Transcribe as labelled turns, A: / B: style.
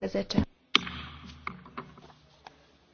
A: 10.